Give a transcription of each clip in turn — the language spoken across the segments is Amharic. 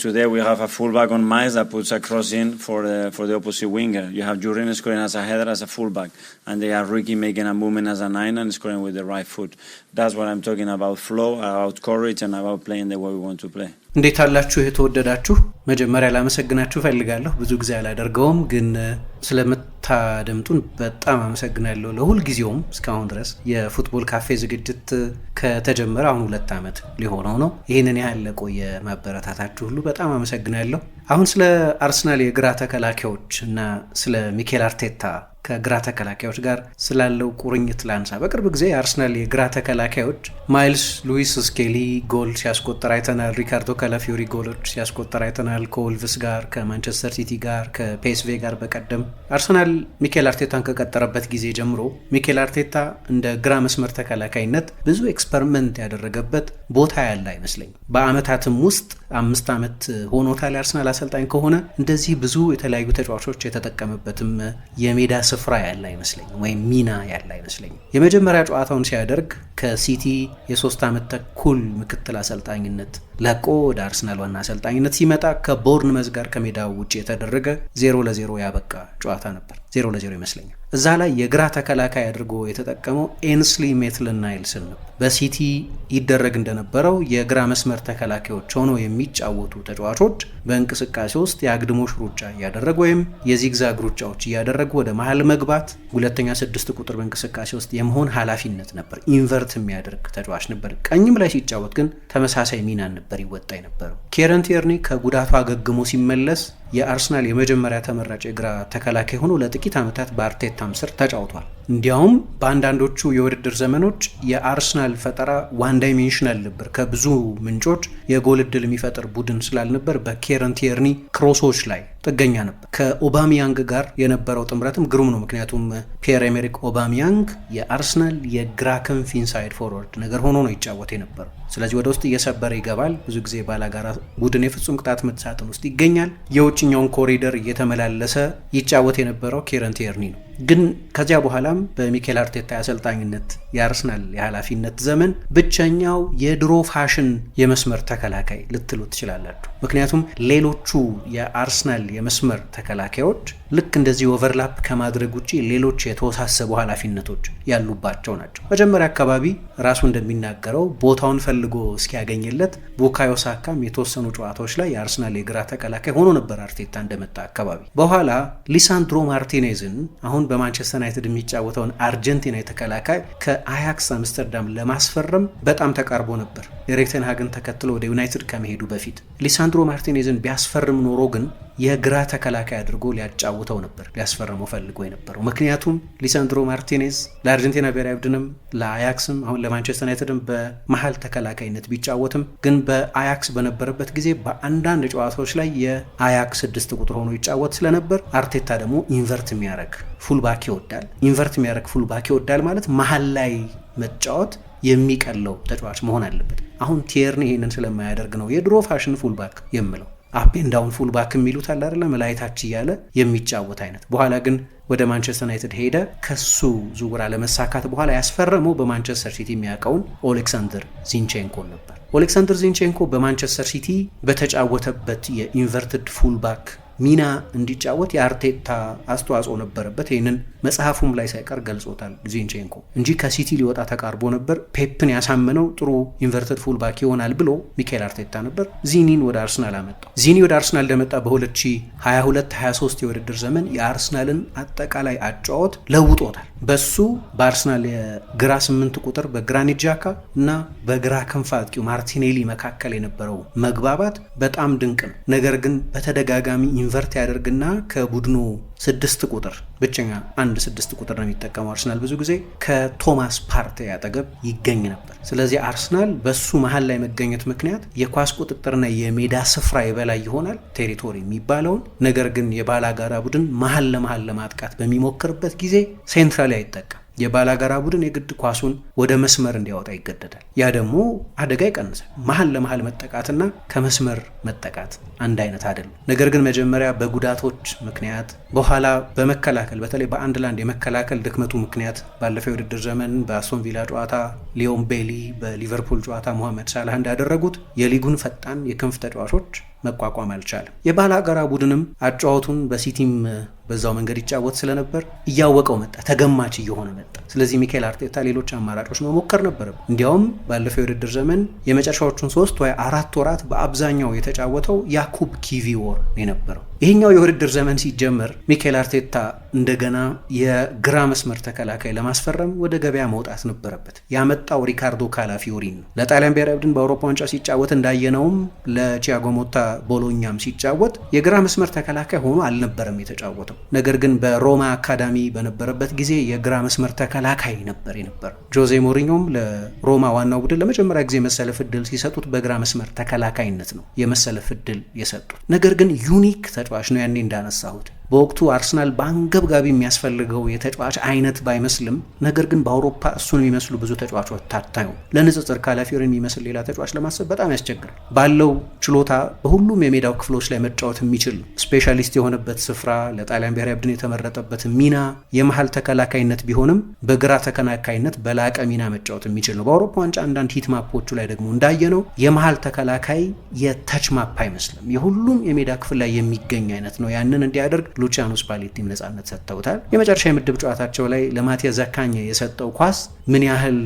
today we have a fullback on Mice that puts a cross in for the, uh, for the opposite winger. You have Jurin scoring as a header as a fullback, and they have Ricky making a movement as a nine and scoring with the right foot. That's what I'm talking about flow, about courage, and about playing the way we want to play. እንዴት አላችሁ የተወደዳችሁ መጀመሪያ ላመሰግናችሁ ፈልጋለሁ ብዙ ጊዜ አላደርገውም፣ ግን ስለምታደምጡን በጣም አመሰግናለሁ። ለሁልጊዜውም እስካሁን ድረስ የፉትቦል ካፌ ዝግጅት ከተጀመረ አሁን ሁለት ዓመት ሊሆነው ነው። ይህንን ያህል ለቆየ ማበረታታችሁ ሁሉ በጣም አመሰግናለሁ። አሁን ስለ አርሰናል የግራ ተከላካዮች እና ስለ ሚኬል አርቴታ ከግራ ተከላካዮች ጋር ስላለው ቁርኝት ላንሳ። በቅርብ ጊዜ የአርሰናል የግራ ተከላካዮች ማይልስ ሉዊስ ስኬሊ ጎል ሲያስቆጠር አይተናል። ሪካርዶ ካላፊዮሪ ጎሎች ሲያስቆጠር አይተናል። ከወልቭስ ጋር፣ ከማንቸስተር ሲቲ ጋር፣ ከፔስቬ ጋር በቀደም አርሰናል ሚኬል አርቴታን ከቀጠረበት ጊዜ ጀምሮ ሚኬል አርቴታ እንደ ግራ መስመር ተከላካይነት ብዙ ኤክስፐሪመንት ያደረገበት ቦታ ያለ አይመስለኝም። በአመታትም ውስጥ አምስት ዓመት ሆኖታል የአርሰናል አሰልጣኝ ከሆነ እንደዚህ ብዙ የተለያዩ ተጫዋቾች የተጠቀመበትም የሜዳ ስፍራ ያለ አይመስለኝም፣ ወይም ሚና ያለ አይመስለኝም። የመጀመሪያ ጨዋታውን ሲያደርግ ከሲቲ የሶስት ዓመት ተኩል ምክትል አሰልጣኝነት ለቆ ወደ አርሰናል ዋና አሰልጣኝነት ሲመጣ ከቦርንመዝ ጋር ከሜዳው ውጭ የተደረገ ዜሮ ለዜሮ ያበቃ ጨዋታ ነበር። ዜሮ ለዜሮ ይመስለኛል። እዛ ላይ የግራ ተከላካይ አድርጎ የተጠቀመው ኤንስሊ ሜትልን ናይልስን ነው። በሲቲ ይደረግ እንደነበረው የግራ መስመር ተከላካዮች ሆነው የሚጫወቱ ተጫዋቾች በእንቅስቃሴ ውስጥ የአግድሞሽ ሩጫ እያደረጉ ወይም የዚግዛግ ሩጫዎች እያደረጉ ወደ መሀል መግባት፣ ሁለተኛ ስድስት ቁጥር በእንቅስቃሴ ውስጥ የመሆን ኃላፊነት ነበር። ኢንቨርት የሚያደርግ ተጫዋች ነበር። ቀኝም ላይ ሲጫወት ግን ተመሳሳይ ሚናን ነበር ይወጣ የነበረው። ኬረንቲርኒ ከጉዳቱ አገግሞ ሲመለስ የአርሰናል የመጀመሪያ ተመራጭ የግራ ተከላካይ ሆኖ ለጥቂት ዓመታት በአርቴታም ስር ተጫውቷል። እንዲያውም በአንዳንዶቹ የውድድር ዘመኖች የአርሰናል ፈጠራ ዋን ዳይሜንሽናል ነበር። ከብዙ ምንጮች የጎል እድል የሚፈጥር ቡድን ስላልነበር በኬረን ክሮሶች ላይ ጥገኛ ነበር። ከኦባሚያንግ ጋር የነበረው ጥምረትም ግሩም ነው። ምክንያቱም ፒየር ኤሜሪክ ኦባሚያንግ የአርሰናል የግራ ክንፍ ኢንሳይድ ፎርወርድ ነገር ሆኖ ነው ይጫወት የነበረው። ስለዚህ ወደ ውስጥ እየሰበረ ይገባል። ብዙ ጊዜ ባላጋራ ቡድን የፍጹም ቅጣት ምት ሳጥን ውስጥ ይገኛል። የውጭ በውጭኛውን ኮሪደር እየተመላለሰ ይጫወት የነበረው ኬረን ቲርኒ ነው። ግን ከዚያ በኋላም በሚካኤል አርቴታ የአሰልጣኝነት የአርሰናል የኃላፊነት ዘመን ብቸኛው የድሮ ፋሽን የመስመር ተከላካይ ልትሉ ትችላላችሁ። ምክንያቱም ሌሎቹ የአርሰናል የመስመር ተከላካዮች ልክ እንደዚህ ኦቨርላፕ ከማድረግ ውጭ ሌሎች የተወሳሰቡ ኃላፊነቶች ያሉባቸው ናቸው። መጀመሪያ አካባቢ ራሱ እንደሚናገረው ቦታውን ፈልጎ እስኪያገኝለት ቡካዮ ሳካም የተወሰኑ ጨዋታዎች ላይ የአርሰናል የግራ ተከላካይ ሆኖ ነበር አርቴታ እንደመጣ አካባቢ። በኋላ ሊሳንድሮ ማርቲኔዝን አሁን በማንቸስተር ዩናይትድ የሚጫወተውን አርጀንቲና ተከላካይ ከአያክስ አምስተርዳም ለማስፈረም በጣም ተቃርቦ ነበር የኤሪክ ተን ሃግን ተከትሎ ወደ ዩናይትድ ከመሄዱ በፊት ሊሳንድሮ ማርቲኔዝን ቢያስፈርም ኖሮ ግን የግራ ተከላካይ አድርጎ ሊያጫውተው ነበር ሊያስፈርመው ፈልጎ የነበረው። ምክንያቱም ሊሳንድሮ ማርቲኔዝ ለአርጀንቲና ብሔራዊ ቡድንም ለአያክስም አሁን ለማንቸስተር ዩናይትድም በመሀል ተከላካይነት ቢጫወትም ግን በአያክስ በነበረበት ጊዜ በአንዳንድ ጨዋታዎች ላይ የአያክስ ስድስት ቁጥር ሆኖ ይጫወት ስለነበር አርቴታ ደግሞ ኢንቨርት የሚያደርግ ፉልባክ ይወዳል። ኢንቨርት የሚያደርግ ፉልባክ ይወዳል ማለት መሀል ላይ መጫወት የሚቀለው ተጫዋች መሆን አለበት። አሁን ቲየርኒ ይሄንን ስለማያደርግ ነው የድሮ ፋሽን ፉልባክ የምለው። አፔንዳውን ፉል ባክ የሚሉት አለ አይደለም ላይታች እያለ የሚጫወት አይነት። በኋላ ግን ወደ ማንቸስተር ዩናይትድ ሄደ። ከሱ ዝውውር አለመሳካት በኋላ ያስፈረመው በማንቸስተር ሲቲ የሚያውቀውን ኦሌክሳንደር ዚንቼንኮን ነበር። ኦሌክሳንደር ዚንቼንኮ በማንቸስተር ሲቲ በተጫወተበት የኢንቨርትድ ፉልባክ ሚና እንዲጫወት የአርቴታ አስተዋጽኦ ነበረበት። ይህንን መጽሐፉም ላይ ሳይቀር ገልጾታል ዚንቼንኮ እንጂ ከሲቲ ሊወጣ ተቃርቦ ነበር። ፔፕን ያሳመነው ጥሩ ኢንቨርተድ ፉልባክ ይሆናል ብሎ ሚካኤል አርቴታ ነበር። ዚኒን ወደ አርሰናል አመጣው። ዚኒ ወደ አርሰናል እንደመጣ በ2022/23 የውድድር ዘመን የአርሰናልን አጠቃላይ አጫወት ለውጦታል። በሱ በአርሰናል የግራ ስምንት ቁጥር በግራኒት ጃካ እና በግራ ክንፍ አጥቂው ማርቲኔሊ መካከል የነበረው መግባባት በጣም ድንቅ ነው። ነገር ግን በተደጋጋሚ ኢንቨርት ያደርግና ከቡድኑ ስድስት ቁጥር ብቸኛ አንድ ስድስት ቁጥር ነው የሚጠቀመው አርሰናል ብዙ ጊዜ ከቶማስ ፓርቴ አጠገብ ይገኝ ነበር። ስለዚህ አርሰናል በሱ መሀል ላይ መገኘት ምክንያት የኳስ ቁጥጥርና የሜዳ ስፍራ የበላይ ይሆናል ቴሪቶሪ የሚባለውን ነገር ግን የባላጋራ ቡድን መሀል ለመሀል ለማጥቃት በሚሞክርበት ጊዜ ሴንትራሊ አይጠቀም የባላጋራ ቡድን የግድ ኳሱን ወደ መስመር እንዲያወጣ ይገደዳል። ያ ደግሞ አደጋ ይቀንሳል። መሀል ለመሀል መጠቃትና ከመስመር መጠቃት አንድ አይነት አይደለም። ነገር ግን መጀመሪያ በጉዳቶች ምክንያት በኋላ በመከላከል በተለይ በአንድ ላንድ የመከላከል ድክመቱ ምክንያት ባለፈው የውድድር ዘመን በአስቶን ቪላ ጨዋታ ሊዮን ቤሊ፣ በሊቨርፑል ጨዋታ ሞሐመድ ሳላህ እንዳደረጉት የሊጉን ፈጣን የክንፍ ተጫዋቾች መቋቋም አልቻለም። የባላጋራ ቡድንም አጫዋቱን በሲቲም በዛው መንገድ ይጫወት ስለነበር እያወቀው መጣ፣ ተገማች እየሆነ መጣ። ስለዚህ ሚካኤል አርቴታ ሌሎች አማራጮች መሞከር ነበረበት። እንዲያውም ባለፈው የውድድር ዘመን የመጨረሻዎቹን ሶስት ወይ አራት ወራት በአብዛኛው የተጫወተው ያኩብ ኪቪዎር የነበረው። ይህኛው የውድድር ዘመን ሲጀመር ሚካኤል አርቴታ እንደገና የግራ መስመር ተከላካይ ለማስፈረም ወደ ገበያ መውጣት ነበረበት። ያመጣው ሪካርዶ ካላፊዮሪን ነው። ለጣሊያን ብሔራዊ ቡድን በአውሮፓ ዋንጫ ሲጫወት እንዳየነውም ለቺያጎ ሞታ ቦሎኛም ሲጫወት የግራ መስመር ተከላካይ ሆኖ አልነበረም የተጫወተው። ነገር ግን በሮማ አካዳሚ በነበረበት ጊዜ የግራ መስመር ተከላካይ ነበር የነበር። ጆዜ ሞሪኞም ለሮማ ዋናው ቡድን ለመጀመሪያ ጊዜ የመሰለፍ እድል ሲሰጡት በግራ መስመር ተከላካይነት ነው የመሰለፍ እድል የሰጡት። ነገር ግን ዩኒክ ተጫዋች ነው ያኔ እንዳነሳሁት በወቅቱ አርሰናል በአንገብጋቢ የሚያስፈልገው የተጫዋች አይነት ባይመስልም ነገር ግን በአውሮፓ እሱን የሚመስሉ ብዙ ተጫዋቾች ታታዩ ለንጽጽር ካላፊዮሪ የሚመስል ሌላ ተጫዋች ለማሰብ በጣም ያስቸግራል። ባለው ችሎታ በሁሉም የሜዳው ክፍሎች ላይ መጫወት የሚችል ስፔሻሊስት የሆነበት ስፍራ ለጣሊያን ብሔራዊ ቡድን የተመረጠበት ሚና የመሀል ተከላካይነት ቢሆንም በግራ ተከላካይነት በላቀ ሚና መጫወት የሚችል ነው። በአውሮፓ ዋንጫ አንዳንድ ሂትማፖቹ ላይ ደግሞ እንዳየነው የመሀል ተከላካይ የተች ማፕ አይመስልም። የሁሉም የሜዳ ክፍል ላይ የሚገኝ አይነት ነው። ያንን እንዲያደርግ ሉቺያኖ ስፓሌቲም ነጻነት ሰጥተውታል። የመጨረሻ የምድብ ጨዋታቸው ላይ ለማቲያ ዘካኘ የሰጠው ኳስ ምን ያህል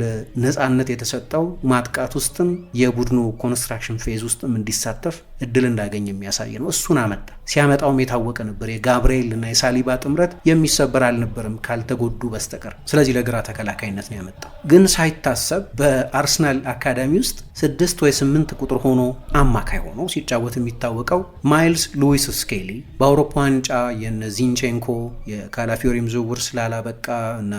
ነጻነት የተሰጠው ማጥቃት ውስጥም የቡድኑ ኮንስትራክሽን ፌዝ ውስጥም እንዲሳተፍ እድል እንዳገኝ የሚያሳይ ነው። እሱን አመጣ። ሲያመጣውም የታወቀ ነበር። የጋብርኤል እና የሳሊባ ጥምረት የሚሰበር አልነበርም ካልተጎዱ በስተቀር። ስለዚህ ለግራ ተከላካይነት ነው ያመጣው። ግን ሳይታሰብ በአርሰናል አካዳሚ ውስጥ ስድስት ወይ ስምንት ቁጥር ሆኖ አማካይ ሆኖ ሲጫወት የሚታወቀው ማይልስ ሉዊስ ስኬሊ በአውሮፓ ዋንጫ የነ ዚንቼንኮ የካላፊዮሪም ዝውውር ስላላበቃ እና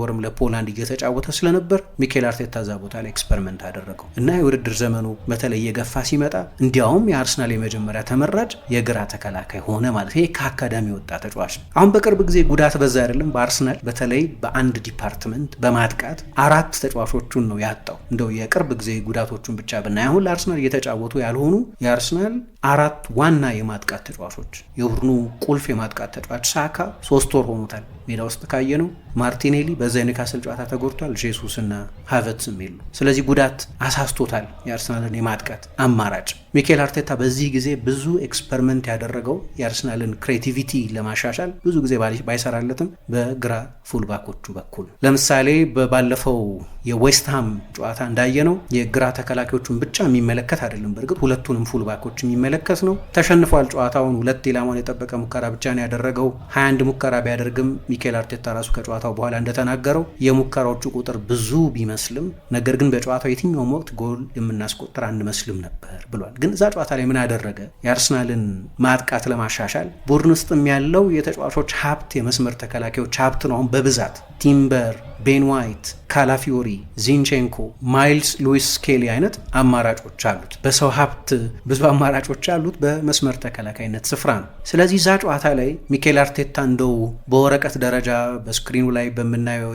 ወርም ለፖላንድ እየተጫወተ ስለነበር ሚኬል አርቴታ ዛ ቦታ ላይ ኤክስፐሪመንት አደረገው እና የውድድር ዘመኑ በተለይ የገፋ ሲመጣ እንዲያውም የአርሰናል የመጀመሪያ ተመራጭ የግራ ተከላካይ ሆነ ማለት ይሄ ከአካዳሚ ወጣ ተጫዋች ነው። አሁን በቅርብ ጊዜ ጉዳት በዛ አይደለም በአርሰናል በተለይ በአንድ ዲፓርትመንት በማጥቃት አራት ተጫዋቾቹን ነው ያጣው። እንደው የቅርብ ጊዜ ጉዳቶቹን ብቻ ብናይ አሁን ለአርሰናል እየተጫወቱ ያልሆኑ የአርሰናል አራት ዋና የማጥቃት ተጫዋቾች የቡድኑ ቁልፍ የማጥቃት ተጫዋች ሳካ ሶስት ወር ሆኖታል ሜዳ ውስጥ ካየ ነው ማርቲኔሊ በዛ የኒውካስል ጨዋታ ተጎድቷል። ጄሱስ እና ሀቨትስ ስለዚህ ጉዳት አሳስቶታል የአርሰናልን የማጥቃት አማራጭ። ሚኬል አርቴታ በዚህ ጊዜ ብዙ ኤክስፐሪመንት ያደረገው የአርሰናልን ክሬቲቪቲ ለማሻሻል ብዙ ጊዜ ባይሰራለትም በግራ ፉልባኮቹ በኩል ለምሳሌ ባለፈው የዌስትሃም ጨዋታ እንዳየነው የግራ ተከላካዮቹን ብቻ የሚመለከት አይደለም። በእርግጥ ሁለቱንም ፉልባኮች የሚመለከት ነው። ተሸንፏል ጨዋታውን። ሁለት ኢላማውን የጠበቀ ሙከራ ብቻ ነው ያደረገው። 21 ሙከራ ቢያደርግም ሚኬል አርቴታ ራሱ ከጨዋ ከጨዋታው በኋላ እንደተናገረው የሙከራዎቹ ቁጥር ብዙ ቢመስልም ነገር ግን በጨዋታው የትኛውም ወቅት ጎል የምናስቆጥር አንመስልም ነበር ብሏል። ግን እዛ ጨዋታ ላይ ምን አደረገ? የአርሰናልን ማጥቃት ለማሻሻል ቡድን ውስጥም ያለው የተጫዋቾች ሀብት የመስመር ተከላካዮች ሀብት ነው። አሁን በብዛት ቲምበር፣ ቤን ዋይት፣ ካላፊዮሪ፣ ዚንቼንኮ፣ ማይልስ ሉዊስ ስኬሊ አይነት አማራጮች አሉት። በሰው ሀብት ብዙ አማራጮች አሉት። በመስመር ተከላካይነት ስፍራ ነው። ስለዚህ እዛ ጨዋታ ላይ ሚኬል አርቴታ እንደው በወረቀት ደረጃ በስክሪን ላይ በምናየው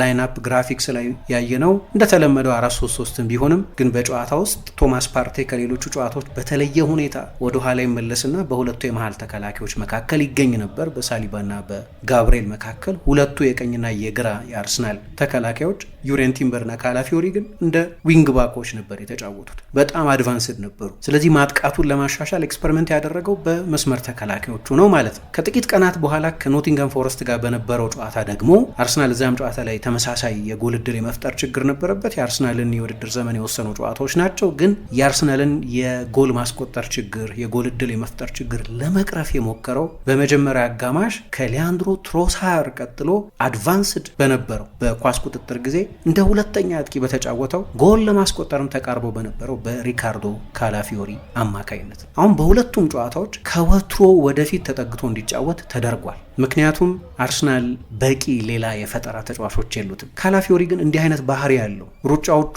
ላይንአፕ ግራፊክስ ላይ ያየነው እንደተለመደው አራት ሶስት ሶስትም ቢሆንም ግን በጨዋታ ውስጥ ቶማስ ፓርቴ ከሌሎቹ ጨዋታዎች በተለየ ሁኔታ ወደኋላ ይመለስና በሁለቱ የመሀል ተከላካዮች መካከል ይገኝ ነበር። በሳሊባና በጋብርኤል መካከል ሁለቱ የቀኝና የግራ የአርሰናል ተከላካዮች ዩሬን ቲምበርና ካላፊዮሪ ግን እንደ ዊንግ ባኮች ነበር የተጫወቱት። በጣም አድቫንስድ ነበሩ። ስለዚህ ማጥቃቱን ለማሻሻል ኤክስፐሪመንት ያደረገው በመስመር ተከላካዮቹ ነው ማለት ነው። ከጥቂት ቀናት በኋላ ከኖቲንገም ፎረስት ጋር በነበረው ጨዋታ ደግሞ አርሰናል እዚያም ጨዋታ ላይ ተመሳሳይ የጎል እድል የመፍጠር ችግር ነበረበት። የአርሰናልን የውድድር ዘመን የወሰኑ ጨዋታዎች ናቸው። ግን የአርሰናልን የጎል ማስቆጠር ችግር፣ የጎል እድል የመፍጠር ችግር ለመቅረፍ የሞከረው በመጀመሪያ አጋማሽ ከሊያንድሮ ትሮሳር ቀጥሎ አድቫንስድ በነበረው በኳስ ቁጥጥር ጊዜ እንደ ሁለተኛ አጥቂ በተጫወተው ጎል ለማስቆጠርም ተቃርቦ በነበረው በሪካርዶ ካላፊዮሪ አማካይነት አሁን በሁለቱም ጨዋታዎች ከወትሮ ወደፊት ተጠግቶ እንዲጫወት ተደርጓል። ምክንያቱም አርሰናል በቂ ሌላ የፈጠራ ተጫዋቾች ተጫዋቾች የሉትም። ካላፊዮሪ ግን እንዲህ አይነት ባህሪ ያለው ሩጫዎቹ፣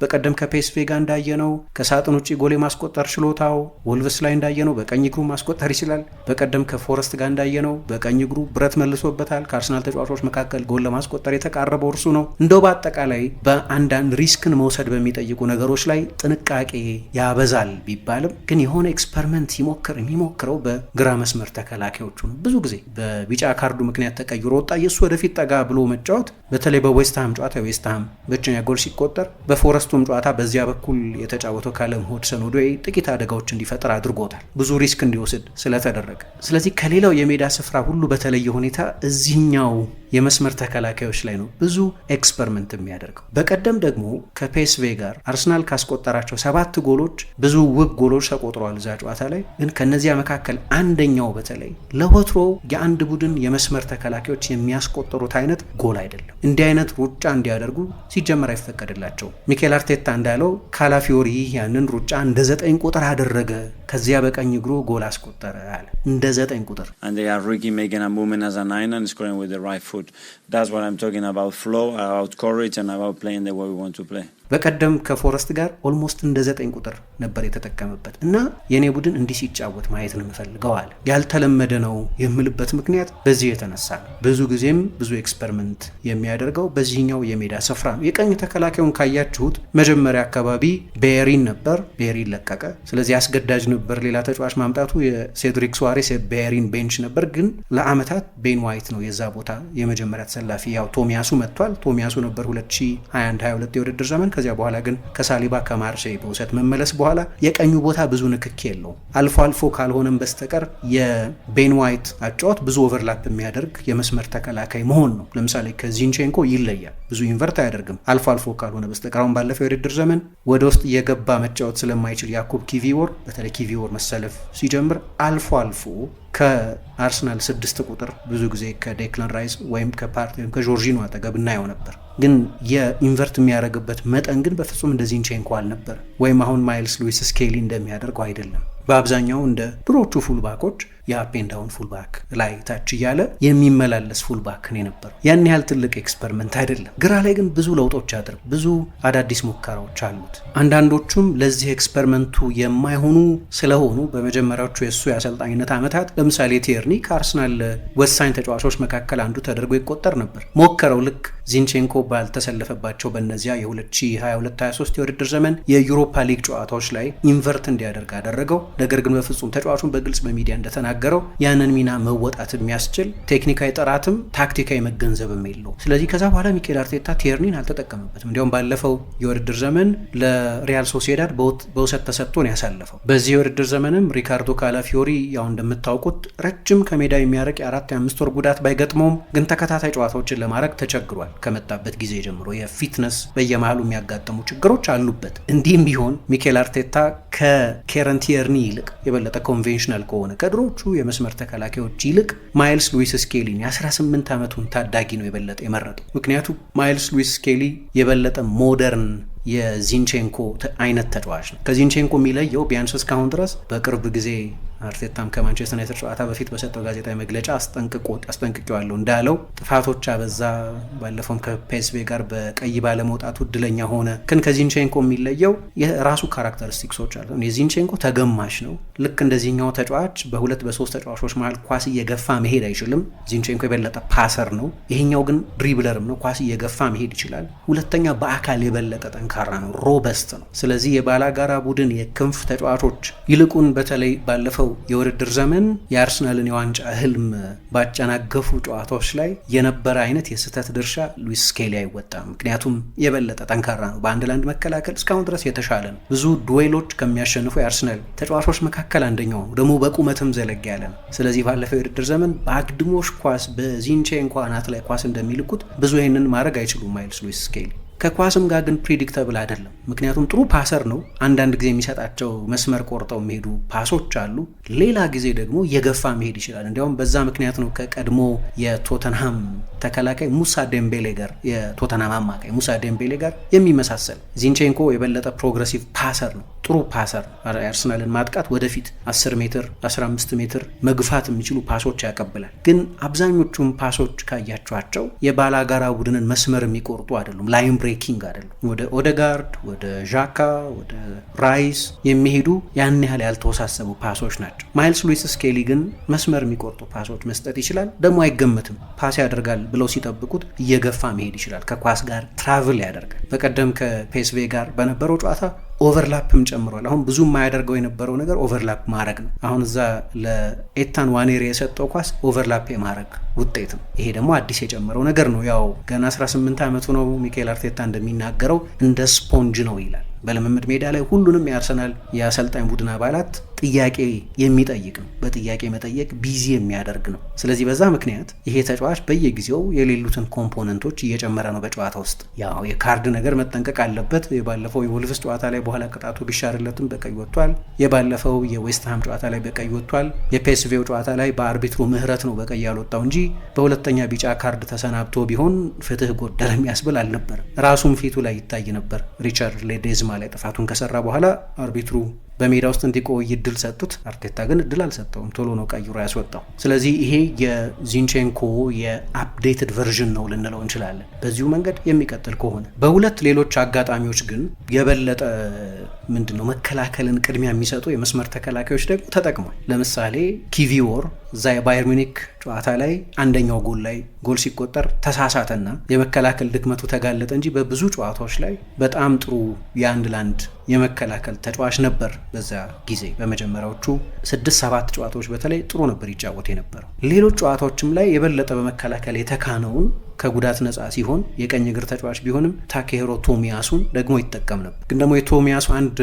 በቀደም ከፔስቬ ጋር እንዳየነው ከሳጥን ውጭ ጎል የማስቆጠር ችሎታው፣ ወልቭስ ላይ እንዳየነው በቀኝ እግሩ ማስቆጠር ይችላል። በቀደም ከፎረስት ጋር እንዳየነው በቀኝ እግሩ ብረት መልሶበታል። ከአርሰናል ተጫዋቾች መካከል ጎል ለማስቆጠር የተቃረበው እርሱ ነው። እንደው በአጠቃላይ በአንዳንድ ሪስክን መውሰድ በሚጠይቁ ነገሮች ላይ ጥንቃቄ ያበዛል ቢባልም ግን የሆነ ኤክስፐሪመንት ሲሞክር የሚሞክረው በግራ መስመር ተከላካዮቹ ነው። ብዙ ጊዜ በቢጫ ካርዱ ምክንያት ተቀይሮ ወጣ። የእሱ ወደፊት ጠጋ ብሎ መጫወት በተለይ በዌስትሃም ጨዋታ የዌስትሃም ብቸኛ ጎል ሲቆጠር በፎረስቱም ጨዋታ በዚያ በኩል የተጫወተው ካለም ሆድሰን ኦዶይ ጥቂት አደጋዎች እንዲፈጠር አድርጎታል፣ ብዙ ሪስክ እንዲወስድ ስለተደረገ። ስለዚህ ከሌላው የሜዳ ስፍራ ሁሉ በተለየ ሁኔታ እዚህኛው የመስመር ተከላካዮች ላይ ነው ብዙ ኤክስፐሪመንት የሚያደርገው። በቀደም ደግሞ ከፔስቬ ጋር አርሰናል ካስቆጠራቸው ሰባት ጎሎች ብዙ ውብ ጎሎች ተቆጥረዋል እዛ ጨዋታ ላይ ግን ከነዚያ መካከል አንደኛው በተለይ ለወትሮ የአንድ ቡድን የመስመር ተከላካዮች የሚያስቆጠሩት አይነት ጎል አይደለም። እንዲህ አይነት ሩጫ እንዲያደርጉ ሲጀመር አይፈቀድላቸው። ሚኬል አርቴታ እንዳለው ካላፊዮሪ ያንን ሩጫ እንደ ዘጠኝ ቁጥር አደረገ። ከዚያ በቀኝ እግሩ ጎል አስቆጠረ አለ። እንደ ዘጠኝ ቁጥር ሪኪ በቀደም ከፎረስት ጋር ኦልሞስት እንደ ዘጠኝ ቁጥር ነበር የተጠቀመበት እና የእኔ ቡድን እንዲህ ሲጫወት ማየት ነው የምፈልገው ያልተለመደ ነው የምልበት ምክንያት በዚህ የተነሳ ነው። ብዙ ጊዜም ብዙ ኤክስፐሪመንት የሚያደርገው በዚህኛው የሜዳ ስፍራ ነው። የቀኝ ተከላካዩን ካያችሁት መጀመሪያ አካባቢ ቤሪን ነበር፣ ቤሪን ለቀቀ። ስለዚህ አስገዳጅ ነበር ሌላ ተጫዋች ማምጣቱ። የሴድሪክ ሱዋሬስ የቤሪን ቤንች ነበር፣ ግን ለአመታት ቤን ዋይት ነው የዛ ቦታ የመጀመሪያ ተሰላፊ። ያው ቶሚያሱ መጥቷል። ቶሚያሱ ነበር 2021 22 የውድድር ዘመን ከዚያ በኋላ ግን ከሳሊባ ከማርሴይ በውሰት መመለስ በኋላ የቀኙ ቦታ ብዙ ንክኪ የለውም። አልፎ አልፎ ካልሆነም በስተቀር የቤን ዋይት አጫወት ብዙ ኦቨርላፕ የሚያደርግ የመስመር ተከላካይ መሆን ነው። ለምሳሌ ከዚንቼንኮ ይለያል። ብዙ ኢንቨርት አያደርግም። አልፎ አልፎ ካልሆነ በስተቀር አሁን ባለፈው የውድድር ዘመን ወደ ውስጥ እየገባ መጫወት ስለማይችል ያኩብ ኪቪወር፣ በተለይ ኪቪወር መሰለፍ ሲጀምር አልፎ አልፎ ከአርሰናል ስድስት ቁጥር ብዙ ጊዜ ከዴክለን ራይስ ወይም ከፓርቲ ወይም ከጆርጂኖ አጠገብ እናየው ነበር። ግን የኢንቨርት የሚያደርግበት መጠን ግን በፍጹም እንደዚህ እንቼንኮ አልነበር፣ ወይም አሁን ማይልስ ሉዊስ ስኬሊ እንደሚያደርገው አይደለም። በአብዛኛው እንደ ድሮቹ ፉልባኮች የአፔንዳውን ፉልባክ ላይ ታች እያለ የሚመላለስ ፉልባክ ነው የነበረው። ያን ያህል ትልቅ ኤክስፐሪመንት አይደለም። ግራ ላይ ግን ብዙ ለውጦች አድርግ፣ ብዙ አዳዲስ ሙከራዎች አሉት። አንዳንዶቹም ለዚህ ኤክስፐሪመንቱ የማይሆኑ ስለሆኑ በመጀመሪያዎቹ የእሱ የአሰልጣኝነት ዓመታት ለምሳሌ ቴርኒ ከአርሰናል ወሳኝ ተጫዋቾች መካከል አንዱ ተደርጎ ይቆጠር ነበር። ሞከረው ልክ ዚንቼንኮ ባልተሰለፈባቸው በእነዚያ የ2022/23 የውድድር ዘመን የዩሮፓ ሊግ ጨዋታዎች ላይ ኢንቨርት እንዲያደርግ አደረገው። ነገር ግን በፍጹም ተጫዋቹን በግልጽ በሚዲያ እንደተናገ እንደተናገረው ያንን ሚና መወጣት የሚያስችል ቴክኒካዊ ጥራትም ታክቲካዊ መገንዘብም የለው። ስለዚህ ከዛ በኋላ ሚኬል አርቴታ ቴርኒን አልተጠቀመበትም። እንዲያውም ባለፈው የውድድር ዘመን ለሪያል ሶሲዳድ በውሰት ተሰጥቶ ነው ያሳለፈው። በዚህ የውድድር ዘመንም ሪካርዶ ካላፊዮሪ ያው እንደምታውቁት ረጅም ከሜዳ የሚያርቅ የአራት የአምስት ወር ጉዳት ባይገጥመውም ግን ተከታታይ ጨዋታዎችን ለማድረግ ተቸግሯል። ከመጣበት ጊዜ ጀምሮ የፊትነስ በየመሃሉ የሚያጋጥሙ ችግሮች አሉበት። እንዲህም ቢሆን ሚኬል አርቴታ ከኬረን ይልቅ የበለጠ ኮንቬንሽናል ከሆነ ከድሮቹ የመስመር ተከላካዮች ይልቅ ማይልስ ሉዊስ ስኬሊን የ18 ዓመቱን ታዳጊ ነው የበለጠ የመረጠው። ምክንያቱም ማይልስ ሉዊስ ስኬሊ የበለጠ ሞደርን የዚንቼንኮ አይነት ተጫዋች ነው። ከዚንቼንኮ የሚለየው ቢያንስ እስካሁን ድረስ በቅርብ ጊዜ አርቴታም ከማንቸስተር ዩናይትድ ጨዋታ በፊት በሰጠው ጋዜጣዊ መግለጫ አስጠንቅቄዋለሁ እንዳለው ጥፋቶች አበዛ፣ ባለፈውም ከፔስቤ ጋር በቀይ ባለመውጣቱ እድለኛ ሆነ። ግን ከዚንቼንኮ የሚለየው የራሱ ካራክተሪስቲክሶች አለ። የዚንቼንኮ ተገማሽ ነው። ልክ እንደዚህኛው ተጫዋች በሁለት በሶስት ተጫዋቾች መሀል ኳስ እየገፋ መሄድ አይችልም። ዚንቼንኮ የበለጠ ፓሰር ነው። ይሄኛው ግን ድሪብለርም ነው፣ ኳስ እየገፋ መሄድ ይችላል። ሁለተኛ በአካል የበለጠ ጠንካራ ነው፣ ሮበስት ነው። ስለዚህ የባላጋራ ቡድን የክንፍ ተጫዋቾች ይልቁን በተለይ ባለፈው የውድድር ዘመን የአርሰናልን የዋንጫ ህልም ባጨናገፉ ጨዋታዎች ላይ የነበረ አይነት የስህተት ድርሻ ሉዊስ ስኬሊ አይወጣም። ምክንያቱም የበለጠ ጠንካራ ነው። በአንድ ለአንድ መከላከል እስካሁን ድረስ የተሻለ ነው። ብዙ ዱዌሎች ከሚያሸንፉ የአርሰናል ተጫዋቾች መካከል አንደኛው ነው። ደግሞ በቁመትም ዘለግ ያለ ነው። ስለዚህ ባለፈው የውድድር ዘመን በአግድሞሽ ኳስ እንኳ አናት ላይ ኳስ እንደሚልኩት ብዙ ይህንን ማድረግ አይችሉም ማይልስ ሉዊስ ስኬሊ ከኳስም ጋር ግን ፕሪዲክተብል አይደለም። ምክንያቱም ጥሩ ፓሰር ነው። አንዳንድ ጊዜ የሚሰጣቸው መስመር ቆርጠው የሚሄዱ ፓሶች አሉ። ሌላ ጊዜ ደግሞ የገፋ መሄድ ይችላል። እንዲያውም በዛ ምክንያት ነው ከቀድሞ የቶተንሃም ተከላካይ ሙሳ ደምቤሌ ጋር የቶተንሃም አማካይ ሙሳ ደምቤሌ ጋር የሚመሳሰል ዚንቼንኮ የበለጠ ፕሮግረሲቭ ፓሰር ነው፣ ጥሩ ፓሰር አርሰናልን ማጥቃት ወደፊት 10 ሜትር 15 ሜትር መግፋት የሚችሉ ፓሶች ያቀብላል። ግን አብዛኞቹም ፓሶች ካያቸዋቸው የባላጋራ ቡድንን መስመር የሚቆርጡ አይደሉም፣ ላይን ብሬኪንግ አይደሉም። ወደ ኦደጋርድ፣ ወደ ዣካ፣ ወደ ራይስ የሚሄዱ ያን ያህል ያልተወሳሰቡ ፓሶች ናቸው። ናቸው። ማይልስ ሉዊስ ስኬሊ ግን መስመር የሚቆርጡ ፓሶች መስጠት ይችላል። ደግሞ አይገመትም ፓስ ያደርጋል ብለው ሲጠብቁት እየገፋ መሄድ ይችላል። ከኳስ ጋር ትራቭል ያደርጋል። በቀደም ከፔስቬ ጋር በነበረው ጨዋታ ኦቨርላፕም ጨምሯል። አሁን ብዙ የማያደርገው የነበረው ነገር ኦቨርላፕ ማድረግ ነው። አሁን እዛ ለኤታን ዋኔሪ የሰጠው ኳስ ኦቨርላፕ የማድረግ ውጤት ነው። ይሄ ደግሞ አዲስ የጨመረው ነገር ነው። ያው ገና 18 ዓመቱ ነው። ሚካኤል አርቴታ እንደሚናገረው እንደ ስፖንጅ ነው ይላል። በልምምድ ሜዳ ላይ ሁሉንም የአርሰናል የአሰልጣኝ ቡድን አባላት ጥያቄ የሚጠይቅ ነው። በጥያቄ መጠየቅ ቢዚ የሚያደርግ ነው። ስለዚህ በዛ ምክንያት ይሄ ተጫዋች በየጊዜው የሌሉትን ኮምፖነንቶች እየጨመረ ነው በጨዋታ ውስጥ። ያው የካርድ ነገር መጠንቀቅ አለበት። የባለፈው የወልቭስ ጨዋታ ላይ በኋላ ቅጣቱ ቢሻርለትም በቀይ ወጥቷል። የባለፈው የዌስትሃም ጨዋታ ላይ በቀይ ወጥቷል። የፔስቬው ጨዋታ ላይ በአርቢትሩ ምህረት ነው በቀይ ያልወጣው እንጂ በሁለተኛ ቢጫ ካርድ ተሰናብቶ ቢሆን ፍትህ ጎደለ የሚያስብል አልነበር። ራሱም ፊቱ ላይ ይታይ ነበር። ሪቻርድ ሌዴዝማ ላይ ጥፋቱን ከሰራ በኋላ አርቢትሩ በሜዳ ውስጥ እንዲቆይ እድል ሰጡት። አርቴታ ግን እድል አልሰጠውም፣ ቶሎ ነው ቀይሮ ያስወጣው። ስለዚህ ይሄ የዚንቼንኮ የአፕዴትድ ቨርዥን ነው ልንለው እንችላለን። በዚሁ መንገድ የሚቀጥል ከሆነ በሁለት ሌሎች አጋጣሚዎች ግን የበለጠ ምንድነው መከላከልን ቅድሚያ የሚሰጡ የመስመር ተከላካዮች ደግሞ ተጠቅሟል። ለምሳሌ ኪቪዎር እዛ የባየር ሚኒክ ጨዋታ ላይ አንደኛው ጎል ላይ ጎል ሲቆጠር ተሳሳተና የመከላከል ድክመቱ ተጋለጠ እንጂ በብዙ ጨዋታዎች ላይ በጣም ጥሩ የአንድ ለአንድ የመከላከል ተጫዋች ነበር። በዛ ጊዜ በመጀመሪያዎቹ ስድስት ሰባት ጨዋታዎች በተለይ ጥሩ ነበር ይጫወት የነበረው። ሌሎች ጨዋታዎችም ላይ የበለጠ በመከላከል የተካነውን ከጉዳት ነጻ ሲሆን የቀኝ እግር ተጫዋች ቢሆንም ታኬሮ ቶሚያሱን ደግሞ ይጠቀም ነበር። ግን ደግሞ የቶሚያሱ አንድ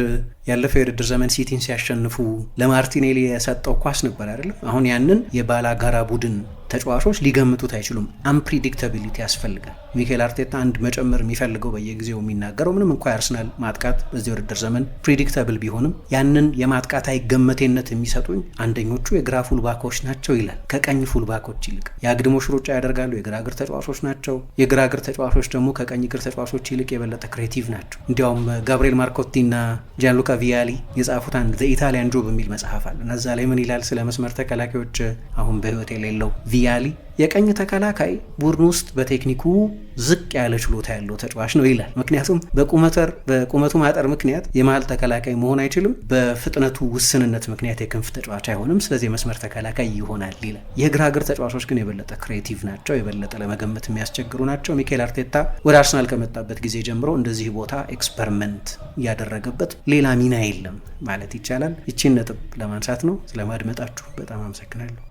ያለፈው የውድድር ዘመን ሲቲን ሲያሸንፉ ለማርቲኔሊ የሰጠው ኳስ ነበር አይደለም። አሁን ያንን የባላጋራ ቡድን ተጫዋቾች ሊገምቱት አይችሉም። አንፕሪዲክታቢሊቲ ያስፈልጋል። ሚካኤል አርቴታ አንድ መጨመር የሚፈልገው በየጊዜው የሚናገረው ምንም እንኳ የአርሰናል ማጥቃት በዚህ ውድድር ዘመን ፕሪዲክታብል ቢሆንም ያንን የማጥቃት አይገመቴነት የሚሰጡኝ አንደኞቹ የግራ ፉልባኮች ናቸው ይላል። ከቀኝ ፉልባኮች ይልቅ የአግድሞሽ ሩጫ ያደርጋሉ። የግራ እግር ተጫዋቾች ናቸው። የግራ እግር ተጫዋቾች ደግሞ ከቀኝ እግር ተጫዋቾች ይልቅ የበለጠ ክሬቲቭ ናቸው። እንዲያውም ጋብሪኤል ማርኮቲ እና ጃንሉካ ቪያሊ የጻፉት አንድ ዘኢታሊያን ጆብ የሚል መጽሐፍ አለ እና ላይ ምን ይላል ስለ መስመር ተከላካዮች አሁን በህይወት የሌለው ዲያሊ የቀኝ ተከላካይ ቡድን ውስጥ በቴክኒኩ ዝቅ ያለ ችሎታ ያለው ተጫዋች ነው ይላል። ምክንያቱም በቁመተር በቁመቱ ማጠር ምክንያት የመሀል ተከላካይ መሆን አይችልም፣ በፍጥነቱ ውስንነት ምክንያት የክንፍ ተጫዋች አይሆንም፣ ስለዚህ የመስመር ተከላካይ ይሆናል ይላል። የግራ እግር ተጫዋቾች ግን የበለጠ ክሬቲቭ ናቸው፣ የበለጠ ለመገመት የሚያስቸግሩ ናቸው። ሚኬል አርቴታ ወደ አርሰናል ከመጣበት ጊዜ ጀምሮ እንደዚህ ቦታ ኤክስፐሪመንት እያደረገበት ሌላ ሚና የለም ማለት ይቻላል። ይቺን ነጥብ ለማንሳት ነው። ስለማድመጣችሁ በጣም አመሰግናለሁ።